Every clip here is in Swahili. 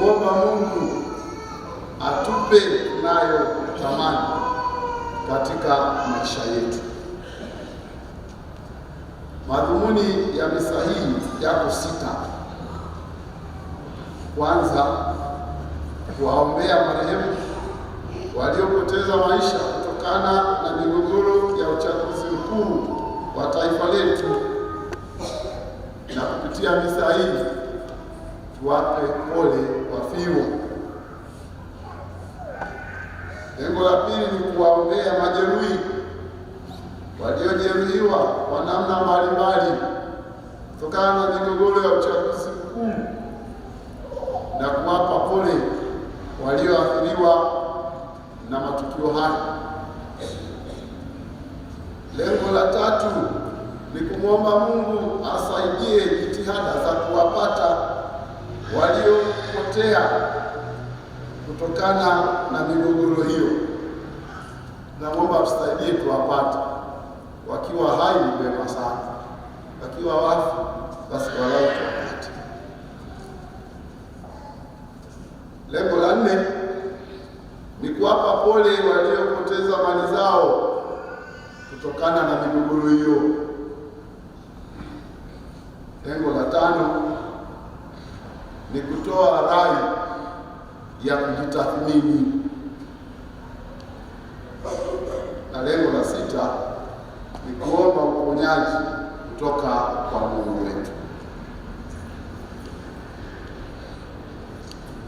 kumwomba Mungu atupe nayo tamani katika maisha yetu. Madhumuni ya misa hii yako sita. Kwanza, kuwaombea marehemu waliopoteza maisha kutokana na migogoro ya uchaguzi mkuu wa taifa letu, na kupitia misa hii tuwape pole wafiwa. Lengo la pili ni kuwaombea majeruhi waliojeruhiwa kwa namna mbalimbali kutokana na migogoro ya uchaguzi mkuu na kuwapa pole walioathiriwa na matukio hayo. Lengo la tatu ni kumwomba Mungu asaidie jitihada za kuwapata waliopotea kutokana na migogoro hiyo, na mwomba tusaidie tuwapate. Wakiwa hai ni sana, wakiwa wafu basi walau tuwapate. Lengo la nne ni kuwapa pole waliopoteza mali zao kutokana na migogoro hiyo. Lengo la tano kutoa rai ya kujitathmini. Na lengo la sita ni kuomba uponyaji kutoka kwa Mungu wetu.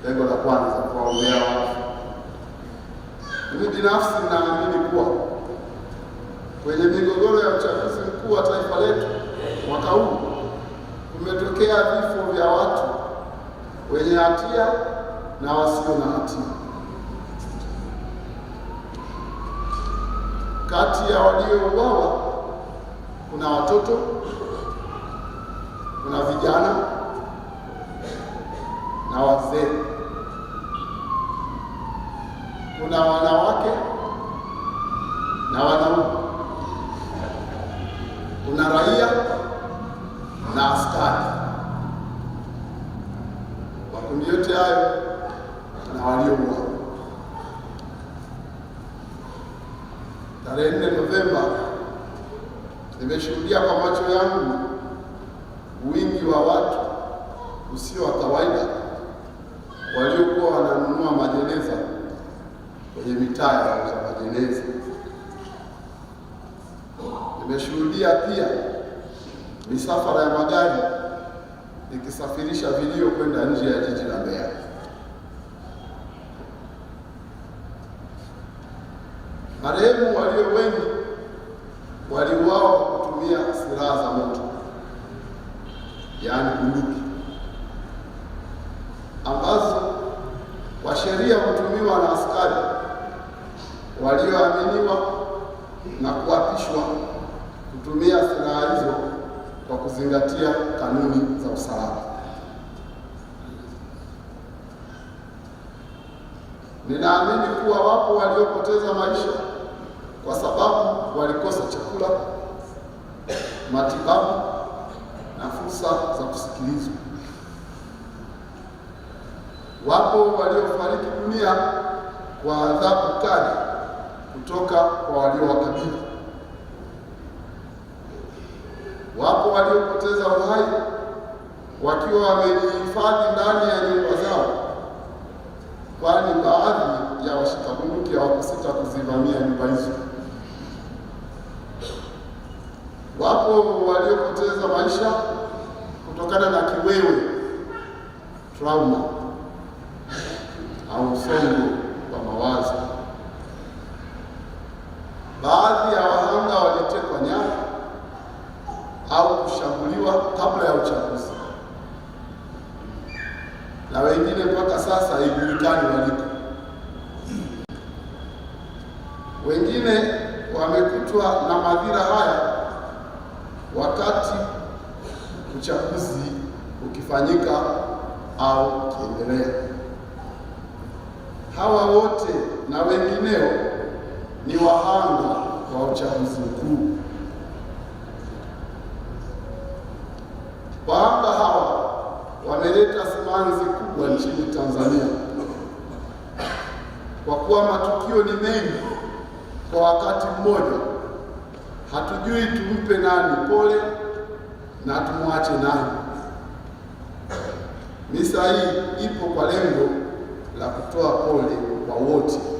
Lengo la kwanza kuwaombea wafu. Mimi binafsi naamini kuwa kwenye migogoro ya uchaguzi mkuu wa taifa letu mwaka huu kumetokea vifo vya watu wenye hatia na wasio na hatia. Kati ya waliouawa kuna watoto, kuna vijana na wazee, kuna wanawake na wanaume, kuna raia nimeshuhudia kwa macho yangu wingi wa watu usio wa kawaida waliokuwa wananunua majeneza kwenye mitaa ya wauza majeneza. Nimeshuhudia pia misafara ya magari ikisafirisha vilio kwenda nje ya jiji la Mbeya. Marehemu walio wengi waliuawa kwa kutumia silaha za moto, yaani bunduki, ambazo kwa sheria hutumiwa na askari walioaminiwa na kuapishwa kutumia silaha hizo kwa kuzingatia kanuni za usalama. Ninaamini kuwa wapo waliopoteza maisha kwa sababu walikosa chakula, matibabu na fursa za kusikilizwa. Wapo waliofariki dunia kwa adhabu kali kutoka kwa waliowakabili. Wapo waliopoteza uhai wakiwa wamejihifadhi ndani ya nyumba zao, kwani baadhi ya washikambuki hawakusita kuzivamia nyumba hizo. Wapo waliopoteza maisha kutokana na kiwewe, trauma au msongo wa mawazo. Baadhi ya wahanga walitekwa nyara au kushambuliwa kabla ya uchaguzi, na wengine mpaka sasa haijulikani waliko. Wengine wamekutwa na madhira haya wakati uchaguzi ukifanyika au ukiendelea. Hawa wote na wengineo ni wahanga wa uchaguzi mkuu. Wahanga hawa wameleta simanzi kubwa nchini Tanzania kwa kuwa matukio ni mengi kwa wakati mmoja hatujui tumpe nani pole na tumwache nani. Misa hii ipo kwa lengo la kutoa pole kwa wote.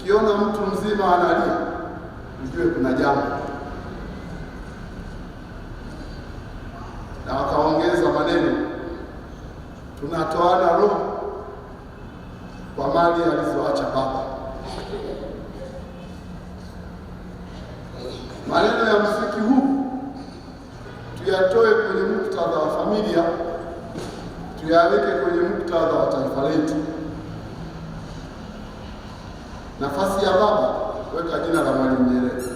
Ukiona mtu mzima analia, mjue kuna jambo. Na wakaongeza maneno, tunatoana roho kwa mali alizoacha baba. Maneno ya mziki huu tuyatoe kwenye muktadha wa familia, tuyaweke kwenye muktadha Nafasi ya baba weka jina la Mwalimu Nyerere.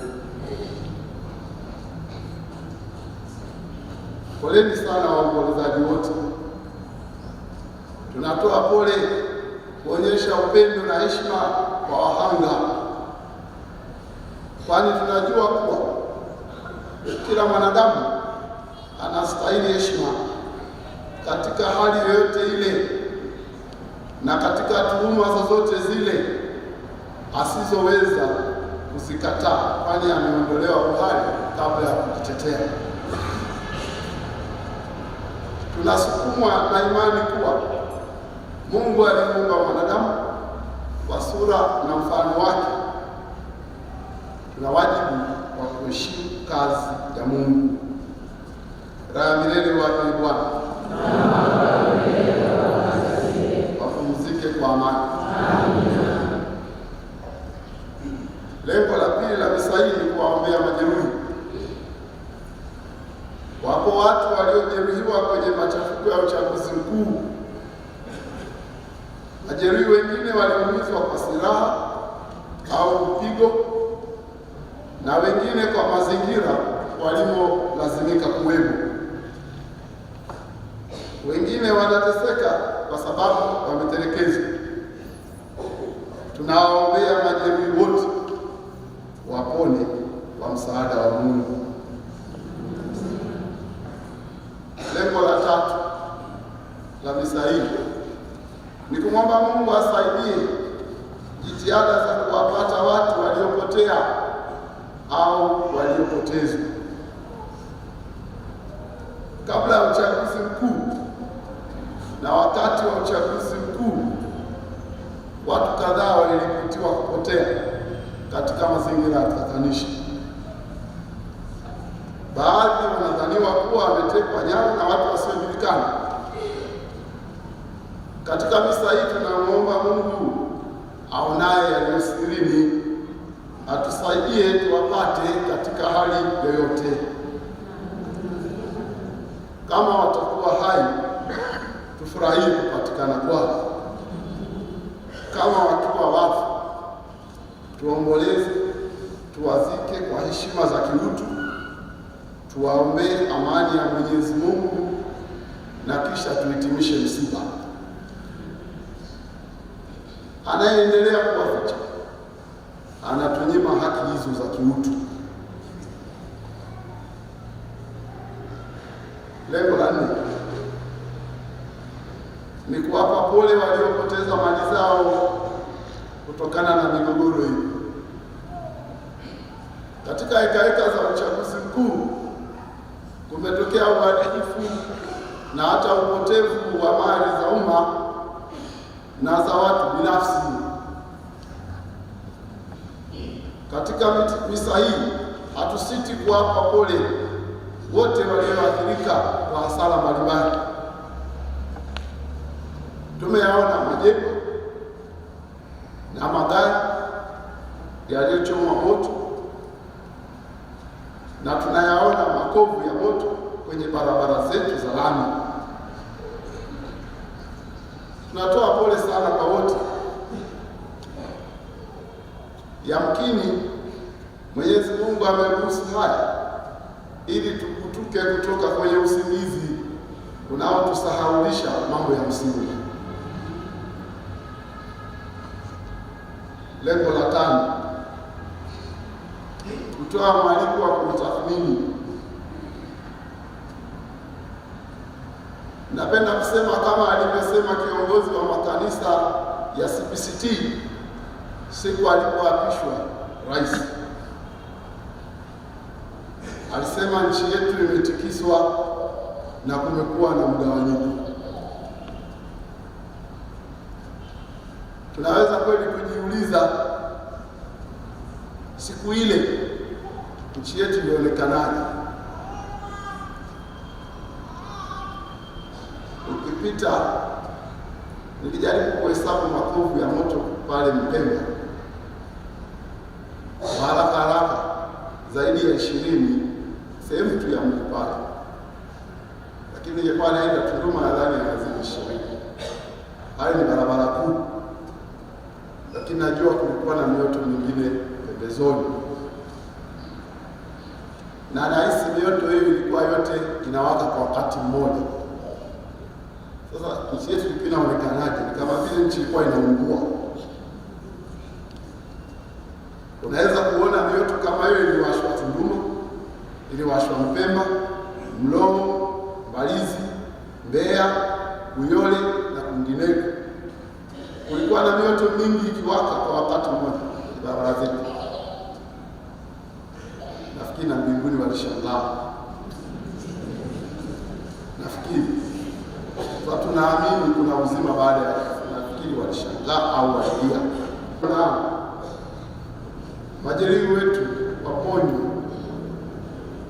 Poleni sana waombolezaji wote, tunatoa pole kuonyesha upendo na heshima kwa wahanga, kwani tunajua kuwa kila mwanadamu anastahili heshima katika hali yoyote ile na katika tuhuma zozote zile asizoweza kuzikataa, kwani ameondolewa uhai kabla ya kujitetea. Tunasukumwa na imani kuwa Mungu alimuumba mwanadamu kwa sura na mfano wake. Tuna wajibu wa kuheshimu kazi ya Mungu. Raha milele wake Bwana, wapumzike kwa amani. hivi ni kuwaombea majeruhi. Wapo watu waliojeruhiwa kwenye machafuko ya uchaguzi mkuu. Majeruhi wengine waliumizwa kwa silaha au mpigo, na wengine kwa mazingira waliolazimika kuwemo. Wengine wanateseka kwa sababu wametelekezwa. Tunawaombea majeruhi msaada wa Mungu. Lengo la tatu la misa hii ni kumwomba Mungu asaidie jitihada za kuwapata watu waliopotea au waliopotezwa. Kabla ya uchaguzi mkuu na wakati wa uchaguzi mkuu, watu kadhaa waliripotiwa kupotea katika mazingira ya tatanishi baadhi wanadhaniwa kuwa ametekwa nyara na watu wasiojulikana. Katika misa hii tunamwomba Mungu aonaye yaliyo sirini atusaidie tuwapate katika hali yoyote. Kama watakuwa hai, tufurahie kupatikana kwao. Kama wakiwa wafu, tuomboleze, tuwazike kwa heshima za kiutu tuwaombee amani ya Mwenyezi Mungu na kisha tuhitimishe msiba. Anayeendelea kuwaficha anatunyima haki hizo za kiutu. Lengo la nne ni kuwapa pole waliopoteza mali zao kutokana na migogoro hii katika hekaheka za uchaguzi mkuu umetokea uharibifu na hata upotevu wa mali za umma na za watu binafsi. Katika misa hii hatusiti kuwapa pole wote walioathirika kwa hasara mbalimbali. Tumeyaona majengo na magari yaliyochomwa moto na tunayaona makovu ya moto kwenye barabara zetu za lami. Tunatoa pole sana kwa wote. Yamkini Mwenyezi Mungu ameruhusu haya ili tukutuke kutoka kwenye usingizi unaotusahaulisha mambo ya msingi. Lengo la tano, kutoa mwaliko wa kutathmini Napenda kusema kama alivyosema kiongozi wa makanisa ya CPCT siku alipoapishwa rais, alisema nchi yetu imetikiswa na kumekuwa na mgawanyiko. Tunaweza kweli kujiuliza siku ile nchi yetu ilionekanaje? iliyopita nilijaribu kuhesabu makovu ya moto pale Mpemba, kwa haraka haraka, zaidi ya ishirini sehemu tu ya mji pale, lakini ningekuwa naenda Tunduma nadhani hazidi ishirini. Hayo ni barabara kuu, lakini najua kulikuwa na mioto mingine pembezoni, na nahisi mioto hiyo ilikuwa yote inawaka kwa wakati mmoja. Sasa nchi yetu inaonekanaje? Ni kama vile nchi ilikuwa inaungua. Unaweza kuona mioto kama hiyo iliwashwa Tunduma, iliwashwa Mpemba, Mlomo, Mbalizi, Mbeya, Uyole na kwingineko. Kulikuwa na mioto mingi ikiwaka kwa wakati mmoja barabara zetu. Nafikiri na mbinguni walishangaa, nafikiri kwa tunaamini kuna uzima baada ya kifo. Nafikiri walishangaa au walilia. Na majeruhi wetu waponywe,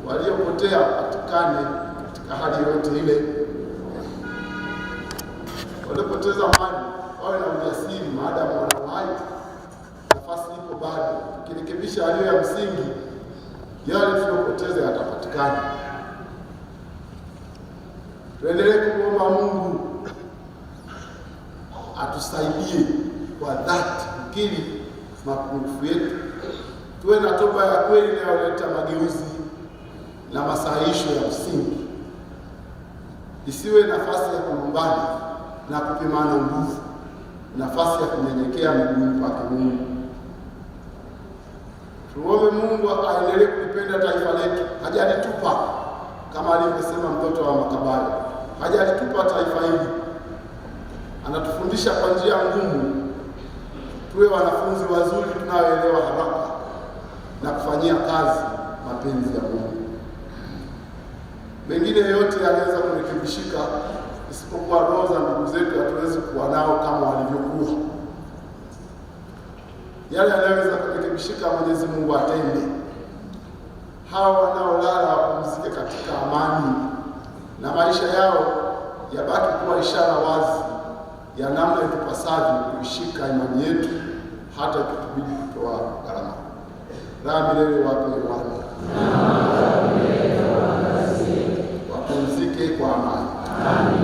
waliopotea patikane katika hali yoyote ile, waliopoteza mali wawe na ujasiri maadamu wana uhai, nafasi ipo bado. ukirekebisha aliyo ya msingi, yale tuliyopoteza yatapatikana. Tuendelee kumwomba Mungu atusaidie kwa dhati kukiri mapungufu yetu, tuwe na toba ya kweli inayoleta mageuzi na masahihisho ya msingi, isiwe nafasi ya kulumbana na kupimana nguvu, nafasi ya kunyenyekea miguuni pake Mungu. Tuombe Mungu aendelee kulipenda taifa letu, hajalitupa kama alivyosema mtoto wa makabari hajalitupa taifa hili, anatufundisha kwa njia ngumu, tuwe wanafunzi wazuri tunaoelewa haraka na kufanyia kazi mapenzi ya Mungu. Mengine yote yanaweza kurekebishika, isipokuwa roho za ndugu zetu hatuwezi kuwa nao kama walivyokuwa. Yale yanayoweza kurekebishika, Mwenyezi Mungu atende. Hawa wanaolala wapumzike katika amani na maisha yao yabaki kuwa ishara wazi ya namna itupasavyo kuishika imani yetu hata ikitubidi kutoa gharama. Raha milele wape wana wapumzike kwa amani.